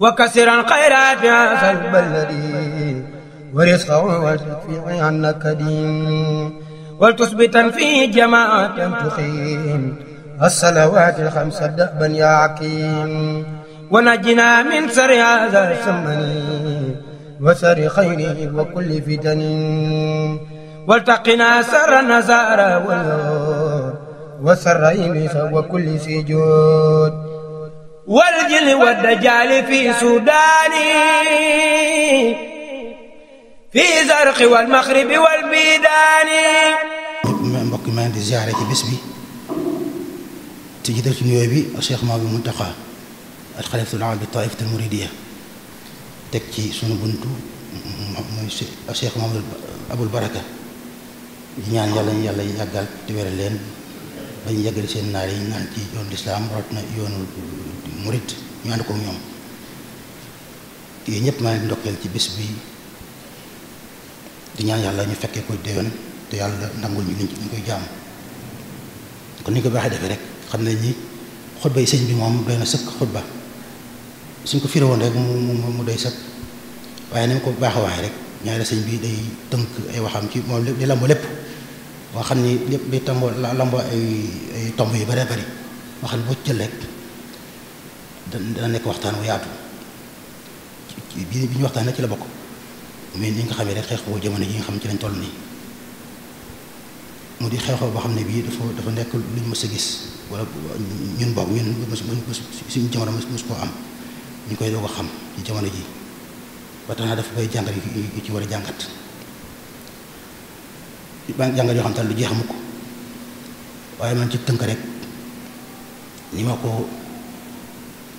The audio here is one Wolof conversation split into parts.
وكسر الخيرات يا صاحب الذي ورزقه واشفي عنك دين ولتثبتا في جماعة تقيم الصلوات الخمس دأبا يا عكيم ونجنا من سر هذا السمن وسر خيره وكل فتن والتقنا سر نزار والنور وسر وكل سجود والجل والدجال في سوداني في زرق والمغرب والبيداني mbokk maa ngi di ziare ci bés bi te jiital ci nuyoo bi Cheikh Mouhamadou Mountakha al-Khalifatul aam bi taifatul muridiyya teg ci sunu buntu mooy Cheikh Mouhamadou Aboul Baraka di ñaan yàlla ñu yàlla yàggal te wéral leen bañ yeggali seen naar yi ñu naan ci yoonu lislaam rot na yoonu murit ñu ànd ko ñoom yooyu ñëpp maa ngi ndokkeel ci bis bi di ñaan yàlla ñu fekkee ko déwén te yàlla nangul ñu liñ ñu koy jàmm kon ni ñu ko baaxee defee rek xam ne ñi xutba yi sëñ bi moom doy na sëkk xutba suñ ko firéwoon rek mu mu doy sëkk waaye ni mu ko baax a waxee rek ñaari sëñ bi day tënk ay waxam ci moom li la lépp boo xam ni lépp day tamboo lamboo ay ay tomb yu bëree bëri boo xam ne boo jël rek dana nekk waxtaan wu yaatu bi bi ñu waxtaanee ci la bokk mais ni nga xamee rek xeexoo jamono yi nga xam ci lañ toll nii mu di xeexoo boo xam ne bii dafa dafa nekk luñ mës a gis wala ñun boog ñun suñu jamono mës koo am ñu koy doog a xam ci jamono ji ba tax dafa koy jàngat yu ci war a jàngat. jàngal yoo xam te lu jeex mukk waaye man ci tënk rek li ma ko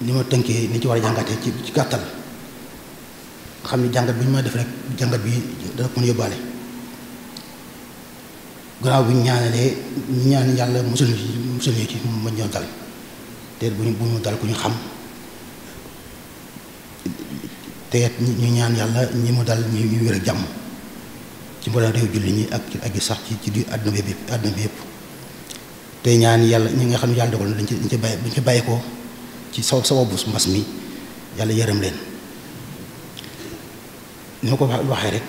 ni ma tënkee ni ci war a jàngatee ci ci gàttal xam ne jàngat bi ñu ma def rek jàngat bi dana ko mën yóbbaale gannaaw bi ñu ñaanalee ñaan yàlla musul ñu ci musul ñu ci ñoo dal te bu ñu bu ñu dal ku ñu xam te ñu ñaan yàlla ñi mu dal ñu wér ak jàmm ci mboolem réew julli ñi ak ci ak sax ci ci di àdduna bi yëpp bi yëpp tey ñaan yàlla ñi nga xam ne yàlla dogal na ci ci bàyyi dañ ci bàyyi ko ci saw sababu mbas mi yàlla yërëm leen ni ma ko waxee rek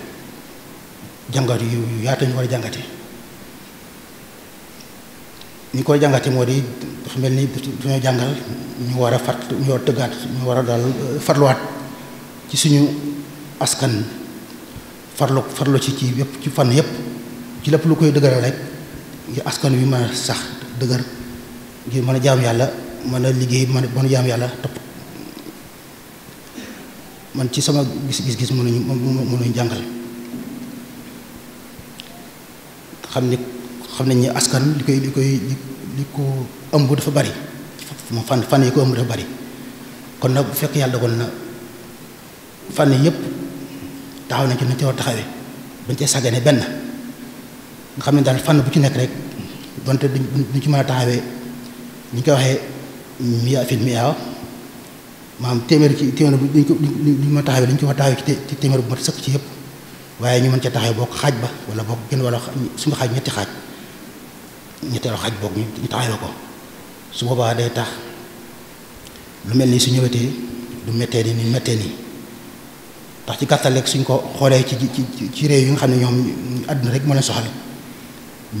jàngat yu yaatu ñu war a jàngate ñu koy jàngate moo di dafa mel ni dañoo jàngal ñu war a fat ñu war a tëggaat ñu war a daal farluwaat ci suñu askan farlu farlu ci ci yépp ci fànn yépp ci lépp lu koy dëgëral rek ngir askan wi mën a sax dëgër ngir mën a jaam yàlla mën a liggéey mën a jaam yàlla topp man ci sama gis-gis-gis mënuñu mënuñu jàngal xam ni xam nañ ni askan li koy li koy li ko ëmb dafa bari fan fan yi ko ëmb dafa bari kon nag bu fekk yàlla kon na fan yépp taxaw nañ ci nañ ci war taxawee bañ benn nga xam ne daal fànn bu ci nekk rek donte duñ ci mën a taxawee ni ñu koy waxee miyaa fil miyaa maanaam téeméer ci téeméer bu duñ ko duñ taxawee dañ ci war ci téeméer bu mat sëkk ci yëpp waaye ñu mën cee taxawee bokk xaaj ba wala bokk gën wala suñu xaaj ñetti xaaj ñetteelu xaaj bokk ñu taxawee ko su boobaa day tax lu mel ni su ñëwetee du mettee ni ni mettee nii ndax ci gàttal rek suñ ko xoolee ci ci ci réew yi nga xam ne ñoom àdduna rek moo leen soxal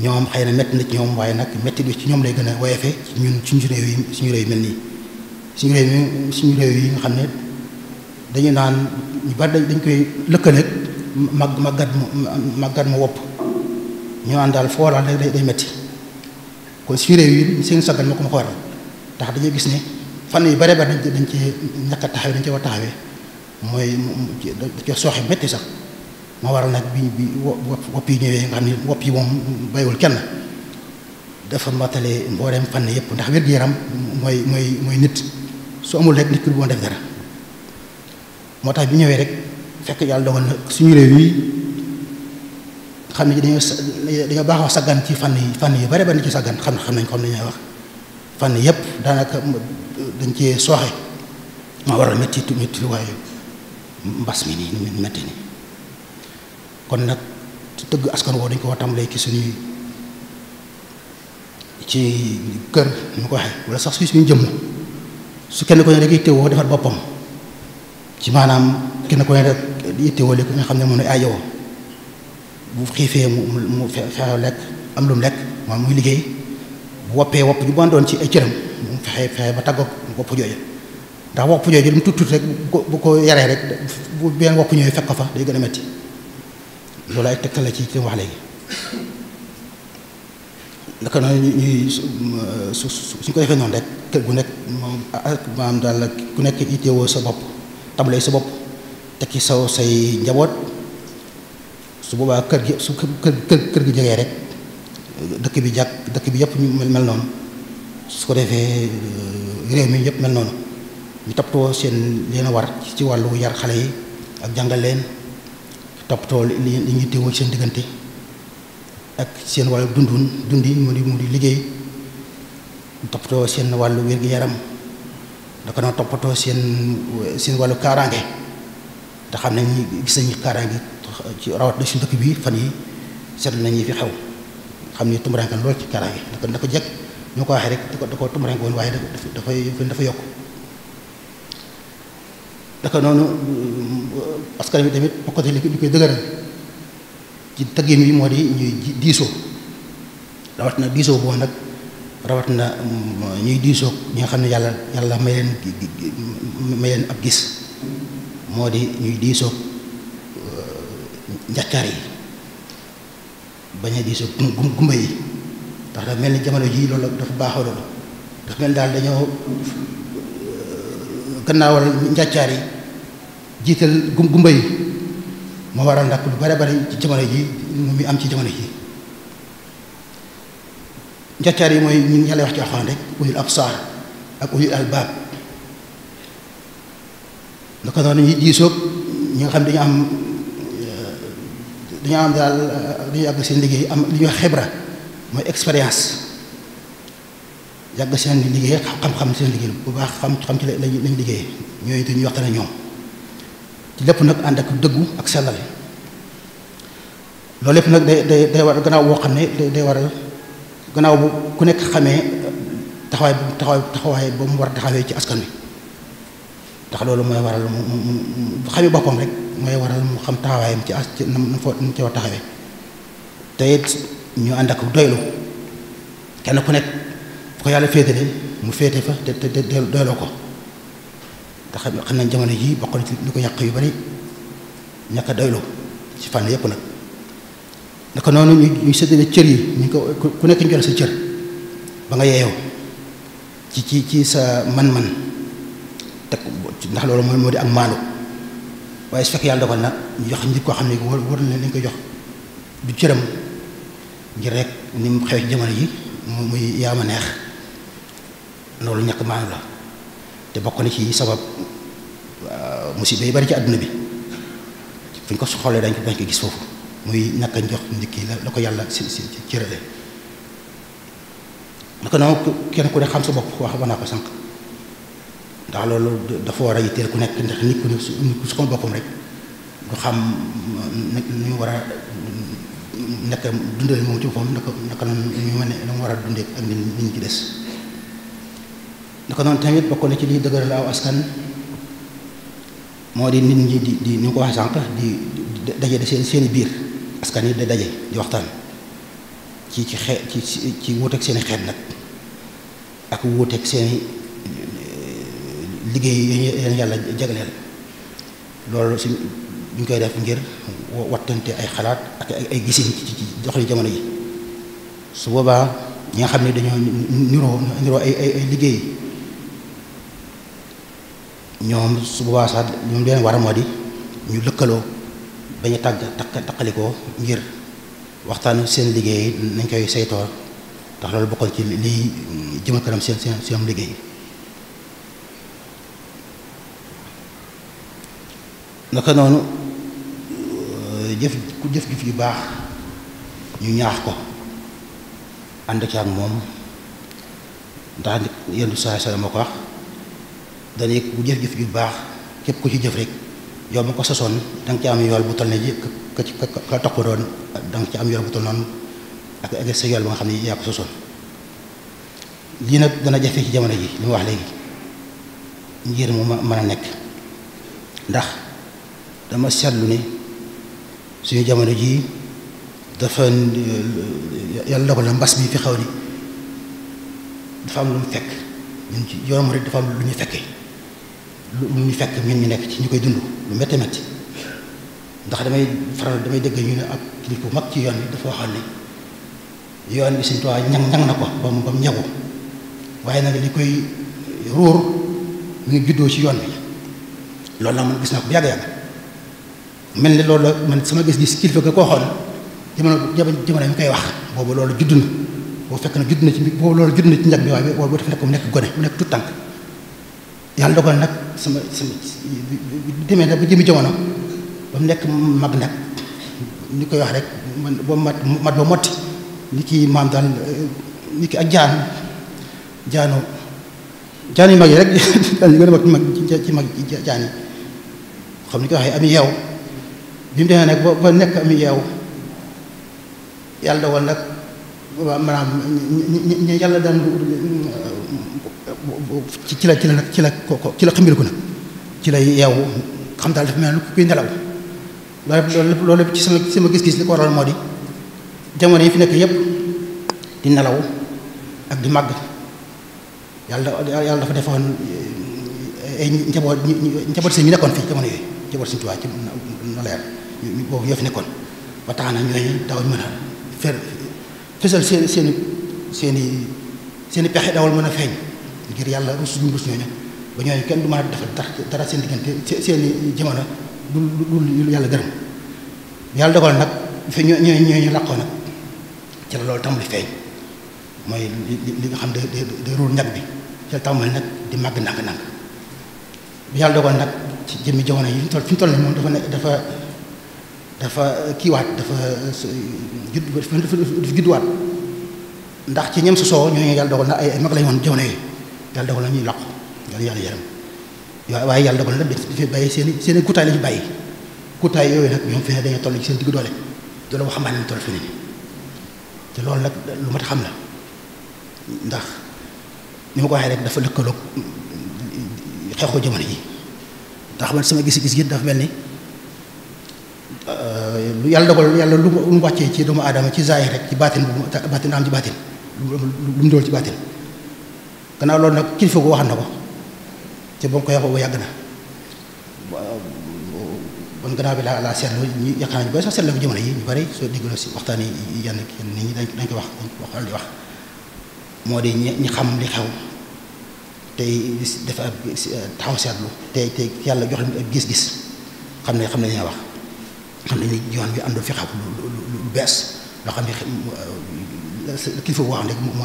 ñoom xëy na métti na ñoom waaye nag métti bi ci ñoom lay gën a woyofee ñun suñu réew yi réew yi mel nii suñu réew yi suñu réew yi nga xam ne dañu naan ñu bari dañ koy lëkkaleeg mag màggat mu mu wopp ñu naan daal foo laal rek day métti kon suñu réew yi seen saggan ma ko ma ko waral ndax dañuy gis ne fan yu bare ba dañ ci ñàkk a taxawee dañ cee war a mooy ca sooxe métti sax moo waral nag bi bi wopp yi ñëwee nga xam ne wopp yi moom bàyyiwul kenn dafa matale mboolem fànn yëpp ndax wér-gu-yaram mooy mooy mooy nit su amul rek nit ki du mën def dara moo tax bi ñëwee rek fekk yàlla dogal na suñu réew yi xam ne dañoo dañoo baaxoo saggan ci fànn yi fànn yu bare bari ci saggan xam xam nañ xam nañu wax fànn yëpp daanaka dañ cee sooxe moo waral métti métti waaye mbas mi nii metti ni kon nag tëgg askan woo dañ ko tàmbalee ci suñuy ci kër ñu ko waxee wala sax su suñu jëmm su kenn ko ne rek yittewoo defar boppam ci maanaam kenn ko ne rek yittewoo li ko nga xam ne moom ay yow bu xiifee mu mu fexe lekk am lu mu lekk moom muy liggéey bu woppee wopp ñu bandoon ci ay cëram mu fexe fexe ba tàggoog wopp jooja ndax wopp jooju lu mu tut tut rek bu ko yaree rek bu beneen wopp ñooy fekk ko fa day gën a metti loolu ay tegtal la ci ci wax léegi naka noonu ñuy su suñ ko defee rek kër gu nekk moom ah, maam daal ku nekk itteewoo sa bopp tabale sa bopp tekki saw say njaboot su boobaa kër gi su kër gi jegee rek dëkk bi jàkk dëkk bi yëpp ñu mel noonu su ko defee réew mi yëpp mel noonu ñu toppatoo seen leen a war ci wàllu yar xale yi ak jàngal leen toppatoo li li ñuy teewoo seen diggante ak seen wàllu dundun dundi mu di mu di liggéey toppatoo seen wàllu wér-gi-yaram naka noonu toppatoo seen seen wàllu kaaraange te xam ne ñu gis nañu kaaraange ci rawat na suñu dëkk bii fan yi seetlu nañu fi xew xam ni tumuranke lool ci kaaraange naka naka jekk ñoo ko waxee rek da ko da woon waaye dafay dafay dafa yokk daka noonu askan wi tamit bokk na li koy dëgëral ci teggin yi moo di ñuy diisoo rawat na diisoo boo nag rawat na mm, ñuy diisoo ñi nga xam ne yàlla yàlla may leen may leen ab gis moo di ñuy diisoo uh, njàccaar yi bañ a diisoo gumba yi ndax mel ni jamono jii loolu dafa baaxoo loolu dafa mel daal dañoo gannaaw gannaawal njàccaar yi jiital gumba yi moo waral nag lu bare bare ci jamono ji mu mi am ci jamono yi njàccaar yi mooy ñu yàlla wax ci alxuraan rek ab absaar ak ulul albaab la ko noonu ñi diisoog ñi nga xam dañu am dañu am daal dañu àgg seen liggéey am lu ñuy wax mooy expérience yàgg seen liggéey xam-xam seen liggéey bu baax xam-xam ci lañ lañ liggéey ñooñu te ñu waxtaan ak ñoom ci lépp nag ànd ak dëggu ak sellal loolu lépp nag day day day war gannaaw boo xam ne day war a gannaaw bu ku nekk xamee taxawaay bu taxawaay taxawaay ba mu war a taxawee ci askan wi ndax loolu mooy waral mu mu mu xamee boppam rek mooy waral mu xam taxawaayam ci as ci nam fa nam ci war taxawee te it ñu ànd ak doylu kenn ku nekk. fu ko yàlla féetale mu féete fa te te doyloo ko te xam xam nañ jamono jii bokk na ci lu ko yàq yu bari ñàkk a doyloo ci fànn yëpp nag naka noonu ñu ñu ñu ko ku nekk ñu sa cër ba nga yeeyoo ci ci ci sa man-man te ndax loolu mooy moo di ak maanu waaye su fekk yàlla dogal na ñu jox koo xam ne war war na lañ ko jox du cëram ngir rek ni mu xew ci yi mu muy yaama neex loolu ñàkk maanu la te bokk na ci sabab musiba yi bari ci àdduna bi fu ñu ko xoolee dañ ko dañ ko gis foofu muy ñàkk a jox nit ki la ko yàlla si si cërale naka noonu kenn ku ne xam sa bopp wax naa ko sànq ndax loolu dafa war a yitteel ku nekk ndax nit ne su su ko boppam rek xam ni mu war a nekk dundale moom ci boppam naka naka noonu ñu mën a war a dundee ak nit ñi ci des. naka noonu tamit bokk na ci liy dëgëral aw askan moo di nit ñi di di ni nga ko waxee sànq di daje de seen seeni biir askan yi da daje di waxtaan ci ci xeet ci ci wuuteeg seen xeet nag ak wuuteeg seeni liggéey yi leen yàlla loolu si ñu koy def ngir wattante ay xalaat ak ay gisin ci ci doxali jamono yi su boobaa ñi nga xam ne dañoo niroo niroo ay ay liggéey. ñoom su boobaa sax ñoom leen war a moo di ñu lëkkaloo bañu tàgg takk takkalikoo ngir waxtaan seen liggéey nañ koy saytoo tax loolu bokkoon ci lii jëmal kanam seen seen seen liggéey naka noonu euh, jëf ku jëf jëf yu baax ñu ñaax ko ànd ak moom ndax yenn saa yi moo ko wax dana bu jëf-jëf ju baax képp ku ci jëf rek yow ma ko sosoon da nga ci am yool bu toll ne ka ci ka doon da nga ci am yool bu toll noonu ak ak sa yool ba nga xam ne yaa ko sosoon lii nag dana jafe ci jamono ji li mu wax léegi ngir mu mën a nekk ndax dama seetlu ni suñu jamono ji dafa yàlla dogal la mbas mi fi xaw ni dafa am lu mu fekk ñun ci yoonu murid lu ñu fekkee lu fekk ñun ñu nekk ci ñu koy dund lu métti métti ndax damay faral damay dëgg ñu ne ab kilifa bu mag ci yoon bi dafa waxoon ne yoon bi Sëriñ Tuubaa ñang ñang na ko ba mu ba mu ñagu waaye nag li koy ruur mu ngi juddoo ci yoon bi loolu la man gis naa ko bu yàgg-yàgg mel ni loolu man sama gis-gis kilifa ga koo xool jamono jamono ñu koy wax boobu loolu juddu na boobu fekk na judd na ci boobu bi waaye boobu dafa nekk mu nekk gone mu nekk tout tànk yàlla dogal nag sama sama demee nag ba jëmi jamono ba mu nekk mag nag ni koy wax rek man ba mat mat ba motti ni ki maam daal ni ki ak jaan jaano jaan mag yi rek mag mag ci mag jaan koy waxee am yeew bi mu demee nekk am yeew yàlla dogal nag waaw maanaam ñi yàlla daan ci la ci la nag ci la ko ci la nag ci la yeewu xam daal dafa mel ni kuy nelaw loolu lépp loolu lépp ci sama sama gis-gis li ko waral moo di jamono yi fi nekk yépp di nelaw ak di màgg yàlla yàlla dafa defoon ay eh, eh, njaboot njaboot seen ñu nekkoon fii jamono yooyu njaboot seen tuwaay ci na leer boobu yoo fi nekkoon ba tax na ñooñu daawuñ mën a fer fësal seen seen i seen i seen pexe dawal mën a feeñ ngir yàlla rus ñu rus ñooñu ba ñooñu kenn du mën dafa defal dara seen diggante seen i jamono du lu yàlla gërëm yàlla dogal nag fi ñoo ñoo ñoo ñu làqoo nag ci la loolu tàmbali feeñ mooy li nga xam de de ruur ñag bi ci la tàmbali nag di màgg ndànk-ndànk yàlla dogal nag ci jëmmi jamono yi fi toll fi toll nii moom dafa ne dafa. dafa kiiwaat dafa euh, judd dafa judduwaat ndax ci ñem sosoo ñooñu yàlla dogal na ay mag lañ woon jamono yi yàlla dogal na ñuy làqu yàlla yàlla yaram waaw waaye yàlla dogal na dafa bàyyi seen i seen i kutaay la ñu bàyyi kutaay yooyu nag ñoom fi ne dañoo toll ci seen digg doole doole wax xamaa ne toll fi ne te loolu nag lu mat xam la ndax ni ma ko waxee rek dafa lëkkaloog xeexoo jamono ji ndax man sama gis-gis yëpp dafa mel ni lu yàlla dogal yàlla lu mu wàccee ci doomu aadama ci zaahir rek ci baatin bu baatin am ci baatin lu mu dool ci baatin gannaaw loolu nag kilifa ko wax na ko te ba ko yàqoo yàgg na bon gannaaw bi laa laa seetlu ñu yàq ba sax seetlu ko jamono yi ñu bari soo si waxtaan yi yenn nit ñi dañ dañ ko wax dañ ko wax di wax moo di ñi xam li xew tey def ab taxaw seetlu tey tey yàlla jox leen ab gis-gis xam ne xam ne li nga wax xam nañ ne yoon bi am na fi xam lu lu bees loo xam ne euh, kilifa boo xam ne moom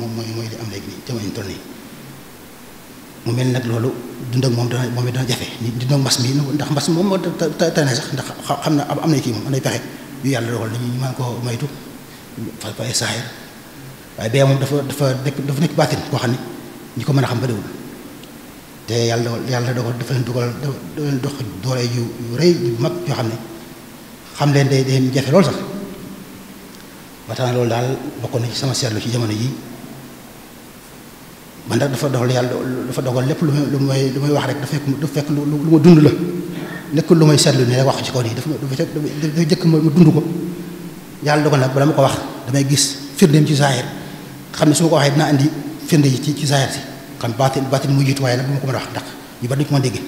moom mooy mooy li am léegi nii jamono mu mel nag loolu dund ak moom dana moom it dana jafe ni dund ak mbas mi ndax mbas moom moo tane sax ndax xam na am na kii moom am nay pexe yu yàlla dogal nañu ñu mën koo moytu fa fa saayir waaye bee moom dafa dafa nekk dafa nekk baatin koo xam ne ñi ko mën a xam bariwul te yàlla yàlla dogal dafa leen dugal dafa leen dox doole yu rëy yu mag yoo xam ne xam leen day day jafe lool sax ba loolu daal bokk na sama seetlu ci jamono yi man nag dafa dogal yàlla dafa dogal lépp lu may lu lu may wax rek dafa fekk dafa fekk lu lu ma dund la nekkul lu may seetlu ne wax ci kaw nii dafa dafa dafa jëkk ma dund ko yàlla dogal nag bala ma ko wax damay gis firndeem ci zaahir xam ne su ko waxee dinaa andi firnde yi ci ci zaahir si xam baatin baatin mu jiitu waaye nag ma ko mën a wax ndax ñu bari duñ ko mën a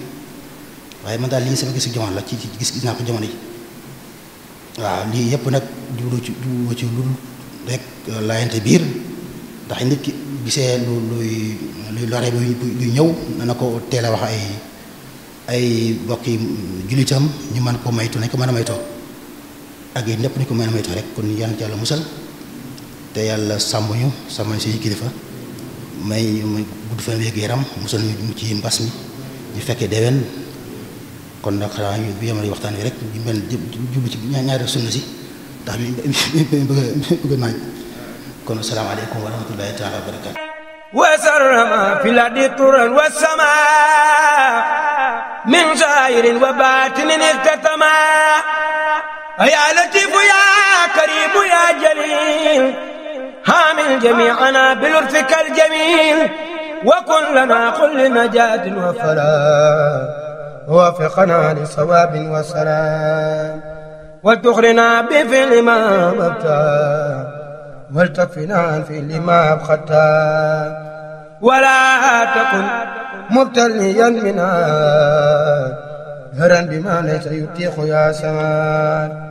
waaye man daal lii sama gis-gis jamono la ci gis-gis naa ko jamono yi. waaw lii yëpp nag jublu ci jublu ci lu rek laayante biir ndax nit ki gisee lu luy luy lore bu buy ñëw dana ko teel a wax ay ay bokki jullitam ñu mën koo maytu nañ ko mën a maytoo ak yéen ñëpp ñu ko mën a maytoo rek kon yal na yàlla musal te yàlla sàmm ñu sàmm ñu suñu kilifa may may gudd fan wéeg yaram musal ñu ci mbas mi ñu fekkee déwén kon nag xanaa ñu yemale waxtaan wi rek ñu mel jublu ci ñaari sunna si ndax mi bëgg bëgg naaj kon asalaamaaleykum wa rahmatullahi taala wa barakaatu وسرما في الأرض طرا والسماء من ظاهر وباطن اكتتما يا لطيف يا كريم يا جليل هامل جميعنا بلطفك الجميل وكن لنا كل نجاة وفلاح ووفقنا لصواب وسلام وتخرنا بفعل ما مبتا والتكفنا في لما أبختا ولا تكن مبتليا منها هرا بما ليس يتيح يا سمان